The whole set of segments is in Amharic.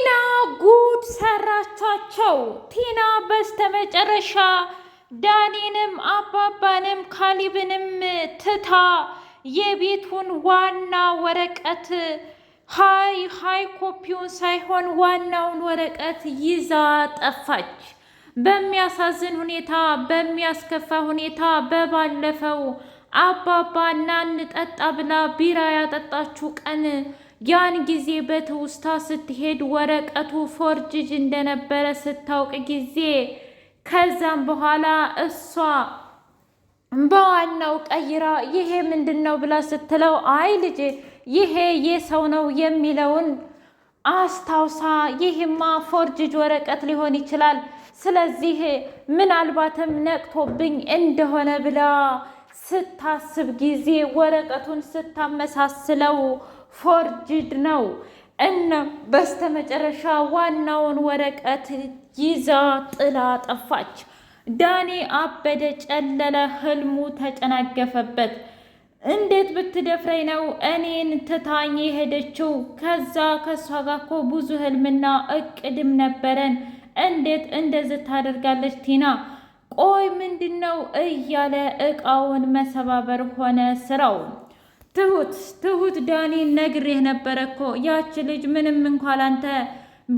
ቲና ጉድ ሰራቻቸው። ቲና በስተመጨረሻ ዳኒንም አባባንም ካሊብንም ትታ የቤቱን ዋና ወረቀት ሀይ ሀይ ኮፒውን ሳይሆን ዋናውን ወረቀት ይዛ ጠፋች። በሚያሳዝን ሁኔታ በሚያስከፋ ሁኔታ በባለፈው አባባ ና እንጠጣ ብላ ቢራ ያጠጣችው ቀን ያን ጊዜ በትውስታ ስትሄድ ወረቀቱ ፎርጅጅ እንደነበረ ስታውቅ ጊዜ ከዛም በኋላ እሷ በዋናው ቀይራ ይሄ ምንድን ነው ብላ ስትለው አይ ልጅ ይሄ የሰው ነው የሚለውን አስታውሳ ይህማ ፎርጅጅ ወረቀት ሊሆን ይችላል፣ ስለዚህ ምናልባትም ነቅቶብኝ እንደሆነ ብላ ስታስብ ጊዜ ወረቀቱን ስታመሳስለው ፎርጅድ ነው። እና በስተመጨረሻ ዋናውን ወረቀት ይዛ ጥላ ጠፋች። ዳኒ አበደ፣ ጨለለ፣ ህልሙ ተጨናገፈበት። እንዴት ብትደፍረኝ ነው እኔን ትታኝ የሄደችው? ከዛ ከእሷ ጋር እኮ ብዙ ህልምና እቅድም ነበረን። እንዴት እንደዚህ ታደርጋለች ቲና? ቆይ ምንድን ነው እያለ እቃውን መሰባበር ሆነ ስራው። ትሁት ትሁት ዳኒ ነግሬህ ነበረ እኮ ያች ልጅ ምንም እንኳ ላንተ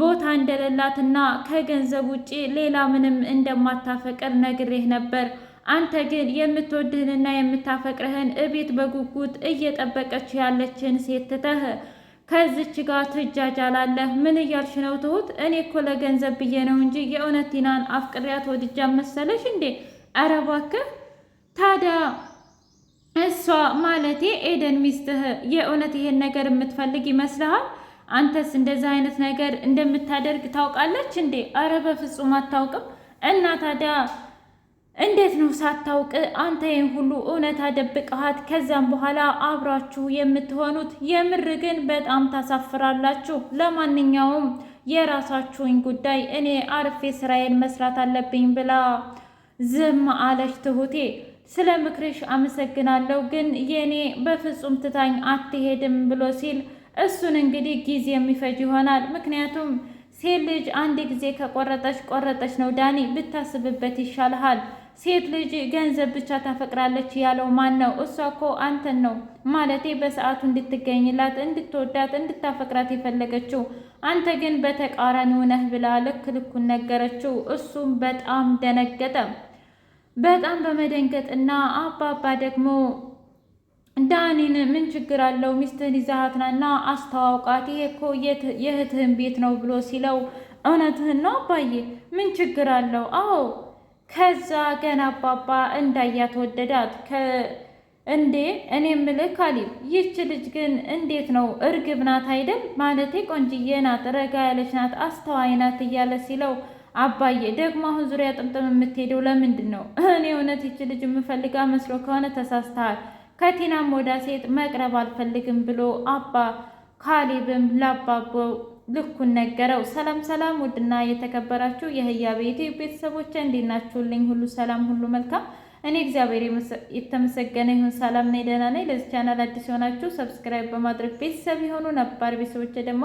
ቦታ እንደሌላትና ከገንዘብ ውጪ ሌላ ምንም እንደማታፈቅር ነግሬህ ነበር። አንተ ግን የምትወድህንና የምታፈቅርህን እቤት በጉጉት እየጠበቀች ያለችን ሴት ትተህ ከዚች ጋር ትጃጃላለህ። ምን እያልሽ ነው ትሁት? እኔ እኮ ለገንዘብ ብዬ ነው እንጂ የእውነት ቲናን አፍቅሪያት ወድጃ መሰለሽ እንዴ? ኧረ እባክህ ታዲያ እሷ ማለቴ ኤደን ሚስትህ የእውነት ይሄን ነገር የምትፈልግ ይመስልሃል? አንተስ እንደዚህ አይነት ነገር እንደምታደርግ ታውቃለች እንዴ? አረ በፍጹም አታውቅም። እና ታዲያ እንዴት ነው ሳታውቅ አንተ ይህን ሁሉ እውነት አደብቀሃት ከዛም በኋላ አብራችሁ የምትሆኑት? የምር ግን በጣም ታሳፍራላችሁ። ለማንኛውም የራሳችሁኝ ጉዳይ፣ እኔ አርፌ ስራዬን መስራት አለብኝ ብላ ዝም አለች ትሁቴ ስለ ምክርሽ አመሰግናለሁ፣ ግን የኔ በፍጹም ትታኝ አትሄድም ብሎ ሲል እሱን እንግዲህ ጊዜ የሚፈጅ ይሆናል። ምክንያቱም ሴት ልጅ አንድ ጊዜ ከቆረጠች ቆረጠች ነው። ዳኒ ብታስብበት ይሻልሃል። ሴት ልጅ ገንዘብ ብቻ ታፈቅራለች ያለው ማን ነው? እሷ እኮ አንተን ነው ማለቴ፣ በሰዓቱ እንድትገኝላት፣ እንድትወዳት፣ እንድታፈቅራት የፈለገችው አንተ ግን በተቃራኒው ነህ ብላ ልክ ልኩን ነገረችው። እሱም በጣም ደነገጠ። በጣም በመደንገጥ እና አባባ ደግሞ ዳኒን ምን ችግር አለው ሚስትህን ይዛሃትናና አስተዋውቃት፣ ይሄ እኮ የእህትህን ቤት ነው ብሎ ሲለው እውነትህን ነው አባዬ፣ ምን ችግር አለው? አዎ። ከዛ ገና አባባ እንዳያት ወደዳት። እንዴ እኔ ምልህ ካሊብ፣ ይህች ልጅ ግን እንዴት ነው እርግብ ናት አይደል? ማለቴ ቆንጅዬ ናት፣ ረጋ ያለች ናት፣ አስተዋይ ናት እያለ ሲለው አባዬ ደግሞ አሁን ዙሪያ ጥምጥም የምትሄደው ለምንድን ነው? እኔ እውነት ይቺ ልጅ የምፈልጋ መስሎ ከሆነ ተሳስተሃል። ከቲናም ወዳ ሴት መቅረብ አልፈልግም ብሎ አባ ካሌብም ላባቦ ልኩን ነገረው። ሰላም ሰላም! ውድና የተከበራችሁ የህያ ቤቴ ቤተሰቦች እንዴት ናችሁልኝ? ሁሉ ሰላም፣ ሁሉ መልካም። እኔ እግዚአብሔር የተመሰገነ ይሁን ሰላም ነኝ፣ ደህና ነኝ። ለዚህ ቻናል አዲስ የሆናችሁ ሰብስክራይብ በማድረግ ቤተሰብ የሆኑ ነባር ቤተሰቦች ደግሞ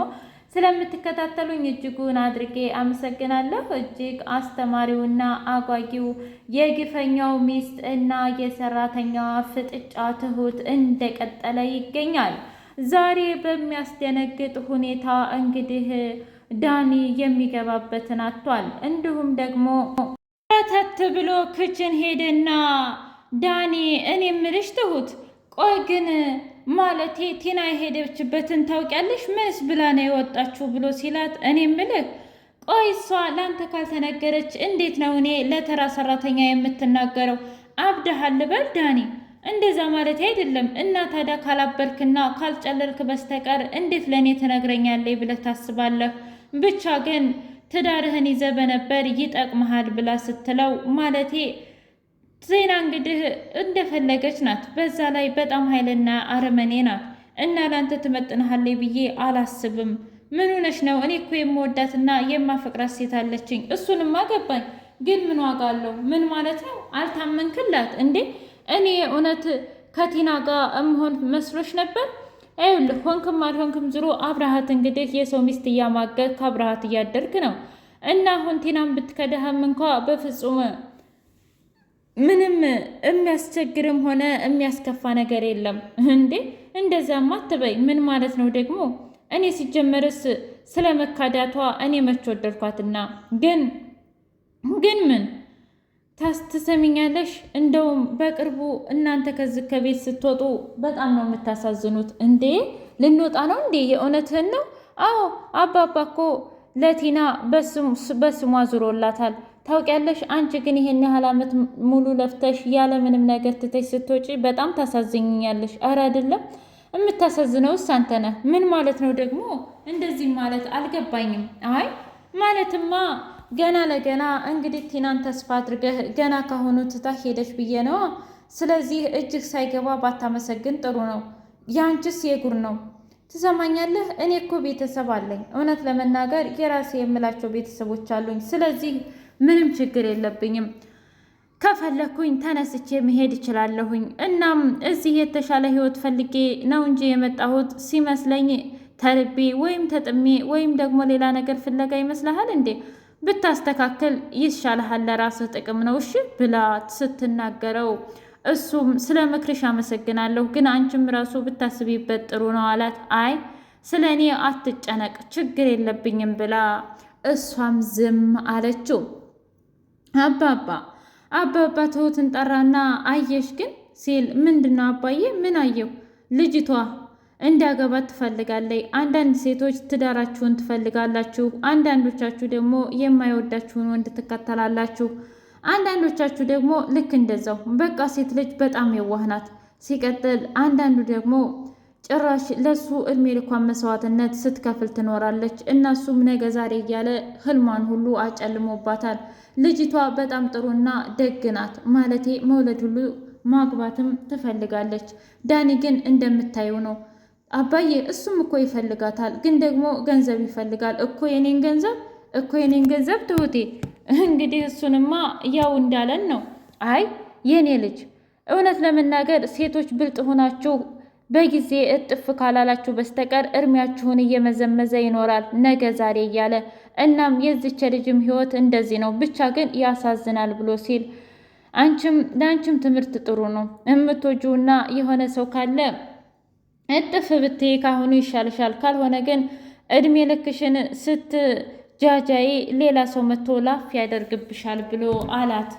ስለምትከታተሉኝ እጅጉን አድርጌ አመሰግናለሁ። እጅግ አስተማሪውና አጓጊው የግፈኛው ሚስት እና የሰራተኛዋ ፍጥጫ ትሁት እንደቀጠለ ይገኛል። ዛሬ በሚያስደነግጥ ሁኔታ እንግዲህ ዳኒ የሚገባበትን አጥቷል። እንዲሁም ደግሞ ተት ብሎ ክችን ሄደና ዳኒ እኔ ምልሽ ትሁት ቆይ ግን ማለቴ ቲና የሄደችበትን ታውቂያለሽ? ምንስ ብላ ነው የወጣችሁ ብሎ ሲላት እኔ ምልክ ቆይ እሷ ለአንተ ካልተነገረች እንዴት ነው እኔ ለተራ ሰራተኛ የምትናገረው? አብድሃል በል ዳኒ? እንደዛ ማለት አይደለም። እና ታዲያ ካላበርክና ካልጨለልክ በስተቀር እንዴት ለእኔ ትነግረኛለህ ብለህ ታስባለህ? ብቻ ግን ትዳርህን ይዘህ በነበር ይጠቅመሃል ብላ ስትለው ማለቴ ዜና እንግዲህ እንደፈለገች ናት። በዛ ላይ በጣም ኃይልና አረመኔ ናት እና ለአንተ ትመጥንሃለች ብዬ አላስብም። ምን ሆነሽ ነው? እኔ እኮ የምወዳትና የማፈቅራት ሴት አለችኝ። እሱንም አገባኝ፣ ግን ምን ዋጋ አለው? ምን ማለት ነው? አልታመንክላት እንዴ? እኔ እውነት ከቲና ጋር እምሆን መስሎች ነበር? ይኸውልህ ሆንክም አልሆንክም ዝሮ አብርሃት እንግዲህ የሰው ሚስት እያማገግ ከአብረሃት እያደርግ ነው እና አሁን ቲናም ብትከዳህም እንኳ በፍጹም ምንም የሚያስቸግርም ሆነ የሚያስከፋ ነገር የለም። እንዴ እንደዛ አትበይ። ምን ማለት ነው ደግሞ? እኔ ሲጀመርስ ስለ መካዳቷ እኔ መች ወደድኳትና። ግን ግን ምን ታስትሰሚኛለሽ? እንደውም በቅርቡ እናንተ ከዚህ ከቤት ስትወጡ በጣም ነው የምታሳዝኑት። እንዴ ልንወጣ ነው እንዴ? የእውነትህን ነው? አዎ አባባ እኮ ለቲና በስሟ ዙሮላታል። ታውቂያለሽ አንቺ ግን ይሄን ያህል ዓመት ሙሉ ለፍተሽ ያለ ምንም ነገር ትተሽ ስትወጪ በጣም ታሳዝኝኛለሽ። አረ አይደለም የምታሳዝነውስ አንተ ነህ። ምን ማለት ነው ደግሞ እንደዚህ ማለት አልገባኝም። አይ ማለትማ ገና ለገና እንግዲህ ቲናን ተስፋ አድርገህ ገና ካሁኑ ትታህ ሄደች ብዬ ነዋ። ስለዚህ እጅግ ሳይገባ ባታመሰግን ጥሩ ነው። ያንቺስ የጉር ነው። ትሰማኛለህ? እኔ እኮ ቤተሰብ አለኝ። እውነት ለመናገር የራሴ የምላቸው ቤተሰቦች አሉኝ። ስለዚህ ምንም ችግር የለብኝም። ከፈለኩኝ ተነስቼ መሄድ እችላለሁኝ። እናም እዚህ የተሻለ ህይወት ፈልጌ ነው እንጂ የመጣሁት ሲመስለኝ ተርቤ ወይም ተጥሜ ወይም ደግሞ ሌላ ነገር ፍለጋ ይመስልሃል እንዴ? ብታስተካከል ይሻልሃል፣ ለራስህ ጥቅም ነው እሺ ብላ ስትናገረው እሱም ስለ ምክርሽ አመሰግናለሁ፣ ግን አንቺም ራሱ ብታስቢበት ጥሩ ነው አላት። አይ ስለ እኔ አትጨነቅ፣ ችግር የለብኝም ብላ እሷም ዝም አለችው። አባባ አባባ ትሁትን ጠራና አየሽ ግን ሲል ምንድነው አባዬ ምን አየው? ልጅቷ እንዲያገባ ትፈልጋለች። አንዳንድ ሴቶች ትዳራችሁን ትፈልጋላችሁ፣ አንዳንዶቻችሁ ደግሞ የማይወዳችሁን ወንድ ትከተላላችሁ፣ አንዳንዶቻችሁ ደግሞ ልክ እንደዛው በቃ ሴት ልጅ በጣም የዋህ ናት። ሲቀጥል አንዳንዱ ደግሞ ጭራሽ ለሱ እድሜ ልኳን መስዋዕትነት ስትከፍል ትኖራለች። እነሱም ነገ ዛሬ እያለ ህልሟን ሁሉ አጨልሞባታል። ልጅቷ በጣም ጥሩና ደግ ናት። ማለቴ መውለድ ሁሉ ማግባትም ትፈልጋለች። ዳኒ ግን እንደምታየው ነው። አባዬ እሱም እኮ ይፈልጋታል፣ ግን ደግሞ ገንዘብ ይፈልጋል እኮ የኔን ገንዘብ እኮ የኔን ገንዘብ ትሁቴ፣ እንግዲህ እሱንማ ያው እንዳለን ነው። አይ የኔ ልጅ እውነት ለመናገር ሴቶች ብልጥ ሆናችሁ በጊዜ እጥፍ ካላላችሁ በስተቀር እድሜያችሁን እየመዘመዘ ይኖራል ነገ ዛሬ እያለ። እናም የዚች ልጅም ህይወት እንደዚህ ነው፣ ብቻ ግን ያሳዝናል ብሎ ሲል አንቺም ለአንቺም ትምህርት ጥሩ ነው የምትወጂውና የሆነ ሰው ካለ እጥፍ ብትይ ካሁኑ ይሻልሻል። ካልሆነ ግን እድሜ ልክሽን ስትጃጃይ ሌላ ሰው መቶ ላፍ ያደርግብሻል ብሎ አላት።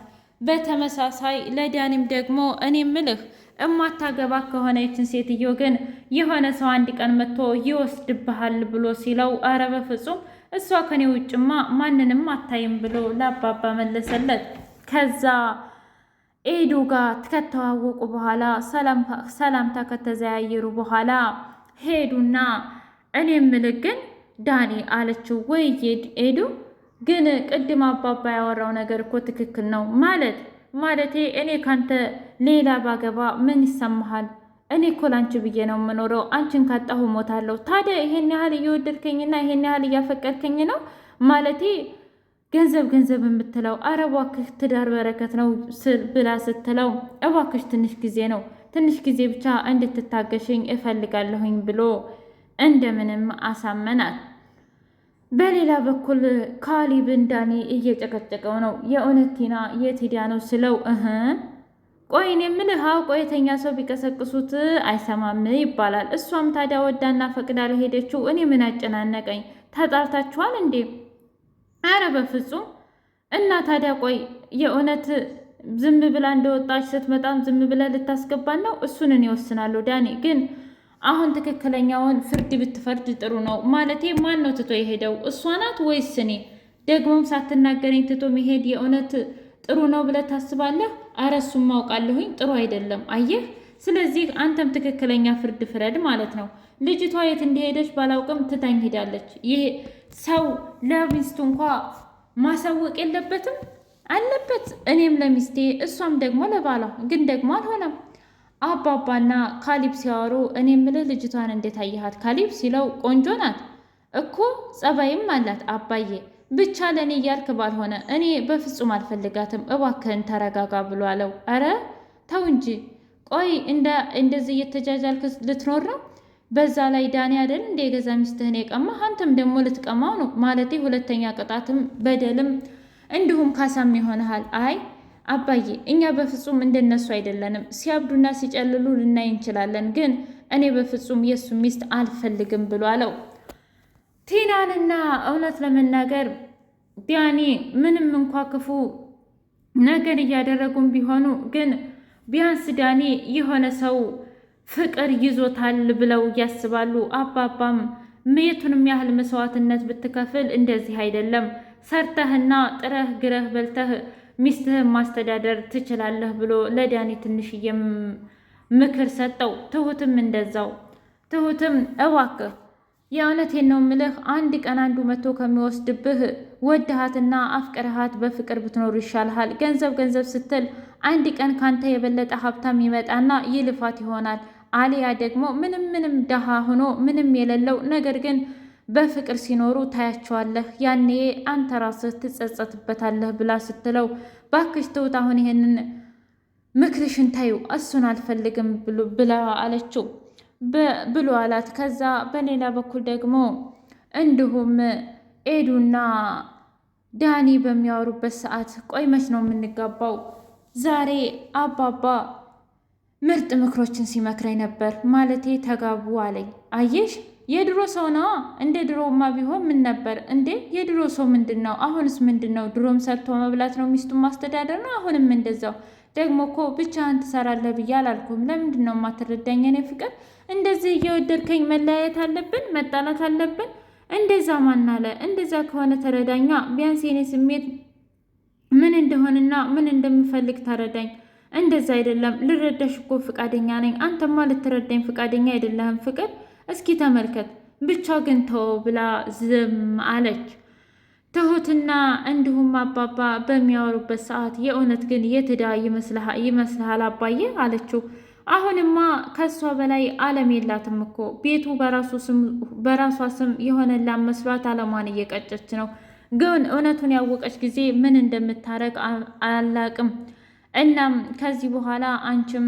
በተመሳሳይ ለዳኒም ደግሞ እኔ ምልህ እማታገባ ከሆነ ይችን ሴትዮ ግን የሆነ ሰው አንድ ቀን መጥቶ ይወስድብሃል ብሎ ሲለው አረ በፍጹም እሷ ከኔ ውጭማ ማንንም አታይም ብሎ ለአባባ መለሰለት። ከዛ ኤዱ ጋር ከተዋወቁ በኋላ ሰላምታ ከተዘያየሩ በኋላ ሄዱና እኔ የምልህ ግን ዳኒ አለችው። ወይ ኤዱ ግን ቅድም አባባ ያወራው ነገር እኮ ትክክል ነው ማለት ማለቴ እኔ ካንተ ሌላ ባገባ ምን ይሰማሃል? እኔ እኮ ላንቺ ብዬ ነው የምኖረው። አንቺን ካጣሁ ሞታለሁ። ታዲያ ይሄን ያህል እየወደድከኝና ይሄን ያህል እያፈቀድከኝ ነው ማለቴ ገንዘብ ገንዘብ የምትለው አረ ትዳር በረከት ነው ብላ ስትለው እባክሽ ትንሽ ጊዜ ነው ትንሽ ጊዜ ብቻ እንድትታገሽኝ እፈልጋለሁኝ ብሎ እንደምንም አሳመናት። በሌላ በኩል ካሊብን ዳኒ እየጨቀጨቀው ነው። የእውነት ቲና የት ሄዳ ነው ስለው እህ ቆይ እኔ የምልህ አውቆ የተኛ ሰው ቢቀሰቅሱት አይሰማም ይባላል። እሷም ታዲያ ወዳና ፈቅዳ ለሄደችው እኔ ምን አጨናነቀኝ? ተጣልታችኋል እንዴ? አረ በፍጹም። እና ታዲያ ቆይ የእውነት ዝም ብላ እንደወጣች ስትመጣም ዝም ብላ ልታስገባን ነው? እሱን እኔ እወስናለሁ። ዳኔ ግን አሁን ትክክለኛውን ፍርድ ብትፈርድ ጥሩ ነው። ማለቴ ማን ነው ትቶ የሄደው? እሷ ናት ወይስ እኔ? ደግሞም ሳትናገረኝ ትቶ መሄድ የእውነት ጥሩ ነው ብለህ ታስባለህ? አረ እሱም አውቃለሁኝ ጥሩ አይደለም አየህ። ስለዚህ አንተም ትክክለኛ ፍርድ ፍረድ ማለት ነው። ልጅቷ የት እንደሄደች ባላውቅም ትታኝ ሄዳለች። ይሄ ሰው ለሚስቱ እንኳ ማሳወቅ የለበትም አለበት። እኔም ለሚስቴ እሷም ደግሞ ለባሏ፣ ግን ደግሞ አልሆነም። አባባና ካሊብ ሲያወሩ እኔ ምልህ ልጅቷን እንዴት አየሃት ካሊብ ሲለው ቆንጆ ናት እኮ ጸባይም አላት አባዬ ብቻ ለእኔ እያልክ ባልሆነ እኔ በፍጹም አልፈልጋትም፣ እባክህን ተረጋጋ ብሎ አለው። አረ ተው እንጂ ቆይ እንደዚህ እየተጃጃልክ ልትኖር ነው? በዛ ላይ ዳኒ አይደል እንደ የገዛ ሚስትህን የቀማ አንተም ደግሞ ልትቀማው ነው ማለት ሁለተኛ ቅጣትም በደልም እንዲሁም ካሳም ይሆንሃል። አይ አባዬ፣ እኛ በፍጹም እንደነሱ አይደለንም። ሲያብዱና ሲጨልሉ ልናይ እንችላለን፣ ግን እኔ በፍጹም የእሱ ሚስት አልፈልግም ብሎ አለው። ቲናንና እውነት ለመናገር ዲያኔ ምንም እንኳ ክፉ ነገር እያደረጉም ቢሆኑ ግን ቢያንስ ዳኒ የሆነ ሰው ፍቅር ይዞታል ብለው እያስባሉ። አባባም የቱንም ያህል መስዋዕትነት ብትከፍል እንደዚህ አይደለም፣ ሰርተህና ጥረህ ግረህ በልተህ ሚስትህን ማስተዳደር ትችላለህ ብሎ ለዳኒ ትንሽዬ ምክር ሰጠው። ትሁትም እንደዛው ትሁትም እባክህ የእውነቴን ነው ምልህ አንድ ቀን አንዱ መቶ ከሚወስድብህ ወድሃትና አፍቅርሃት በፍቅር ብትኖሩ ይሻልሃል። ገንዘብ ገንዘብ ስትል አንድ ቀን ካንተ የበለጠ ሀብታም ይመጣና ይልፋት ይሆናል። አሊያ ደግሞ ምንም ምንም ደሃ ሆኖ ምንም የሌለው ነገር ግን በፍቅር ሲኖሩ ታያቸዋለህ። ያኔ አንተ ራስህ ትጸጸትበታለህ ብላ ስትለው ባክሽ አሁን ይሄንን ምክርሽን ታዩ እሱን አልፈልግም ብላ አለችው። ብሎ አላት። ከዛ በሌላ በኩል ደግሞ እንዲሁም ኤዱና ዳኒ በሚያወሩበት ሰዓት ቆይ መች ነው የምንጋባው? ዛሬ አባባ ምርጥ ምክሮችን ሲመክረኝ ነበር። ማለቴ ተጋቡ አለኝ። አየሽ የድሮ ሰው ነዋ። እንደ ድሮማ ቢሆን ምን ነበር እንዴ? የድሮ ሰው ምንድን ነው? አሁንስ ምንድን ነው? ድሮም ሰርቶ መብላት ነው፣ ሚስቱን ማስተዳደር ነው። አሁንም እንደዛው ደግሞ እኮ ብቻህን ትሰራለህ ብዬ አላልኩም። ለምንድን ነው የማትረዳኝ? እኔ ፍቅር እንደዚህ እየወደድከኝ መለያየት አለብን? መጣላት አለብን? እንደዛ ማናለ? እንደዛ ከሆነ ተረዳኛ። ቢያንስ የኔ ስሜት ምን እንደሆነና ምን እንደምፈልግ ተረዳኝ። እንደዛ አይደለም። ልረዳሽ እኮ ፍቃደኛ ነኝ። አንተማ ልትረዳኝ ፍቃደኛ አይደለህም። ፍቅር እስኪ ተመልከት ብቻ ግን ተው ብላ ዝም አለች። ትሁትና እንዲሁም አባባ በሚያወሩበት ሰዓት የእውነት ግን የትዳ ይመስልሃል አባዬ አለችው። አሁንማ ከእሷ በላይ አለም የላትም እኮ ቤቱ በራሷ ስም የሆነላን መስሏት አለሟን እየቀጨች ነው። ግን እውነቱን ያወቀች ጊዜ ምን እንደምታረግ አላቅም። እናም ከዚህ በኋላ አንቺም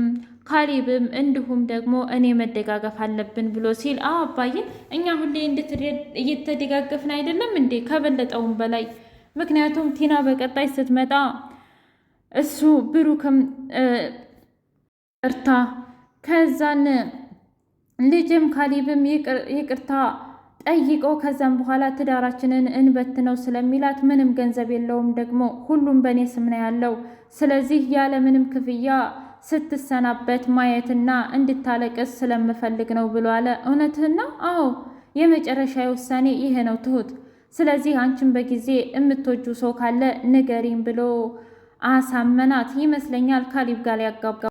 ካሊብም እንዲሁም ደግሞ እኔ መደጋገፍ አለብን ብሎ ሲል አዎ አባዬ፣ እኛ ሁሌ እየተደጋገፍን አይደለም እንዴ? ከበለጠውም በላይ ምክንያቱም ቲና በቀጣይ ስትመጣ እሱ ብሩክም እርታ ከዛን ልጅም ካሊብም ይቅርታ ጠይቆ ከዛም በኋላ ትዳራችንን እንበትነው ስለሚላት ምንም ገንዘብ የለውም። ደግሞ ሁሉም በእኔ ስም ነው ያለው። ስለዚህ ያለምንም ክፍያ ስትሰናበት ማየትና እንድታለቅስ ስለምፈልግ ነው ብሎ አለ። እውነትህን ነው? አዎ የመጨረሻ ውሳኔ ይሄ ነው ትሁት። ስለዚህ አንቺን በጊዜ የምትወጁ ሰው ካለ ንገሪም ብሎ አሳመናት ይመስለኛል። ካሊብ ጋር ያጋባ